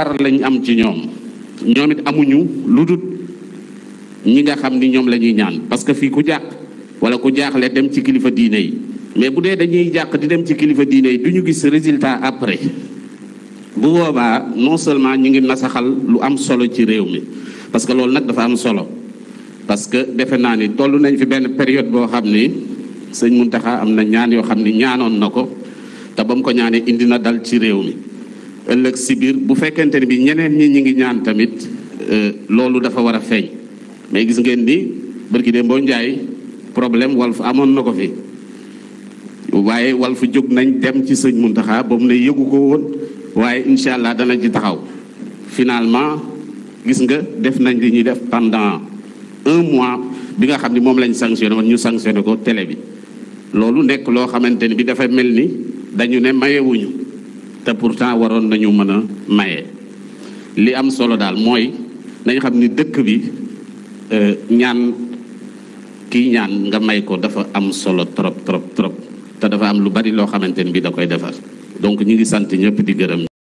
yaakaar lañu am ci ñoom ñoom it amuñu lu dul ñi nga xam ni ñoom la ñuy ñaan parce que fii ku jàq wala ku jaaxle dem ci kilifa diine yi mais bu dee dañuy jàq di dem ci kilifa diine yi du ñu gis résultat après bu boobaa non seulement ñu ngi nasaxal lu am solo ci réew mi parce que loolu nag dafa am solo parce que defe naa ni toll nañ fi benn période boo xam ni sëñ Muntaxa am na ñaan yoo xam ni ñaanoon na ko te ba mu ko ñaanee indi na dal ci réew mi ëllëg si biir bu fekkente ni bi ñeneen ñi ñu ngi ñaan tamit euh, loolu dafa war a feeñ mais gis ngeen ni bërki dee mboo njaay problème Walf amoon na ko fi waaye Walf jóg nañ dem ci sëñ Muntaxa ba boobu ne yëgu ko woon waaye incha allah danañ ci taxaw finalement gis nga def nañ li ñuy def pendant un mois bi nga xam ni moom lañ sanctionné woon ñu sanctionné ko télé bi loolu nekk loo xamante ni bi dafa mel ni dañu ne mayewuñu te pourtant waroon nañu mën a maye li am solo daal mooy nañ xam ni dëkk bi euh, ñaan kii ñaan nga may ko dafa am solo trop trop trop te dafa am lu bari loo xamante ni bi da koy defar donc ñu ngi sant ñëpp di gërëm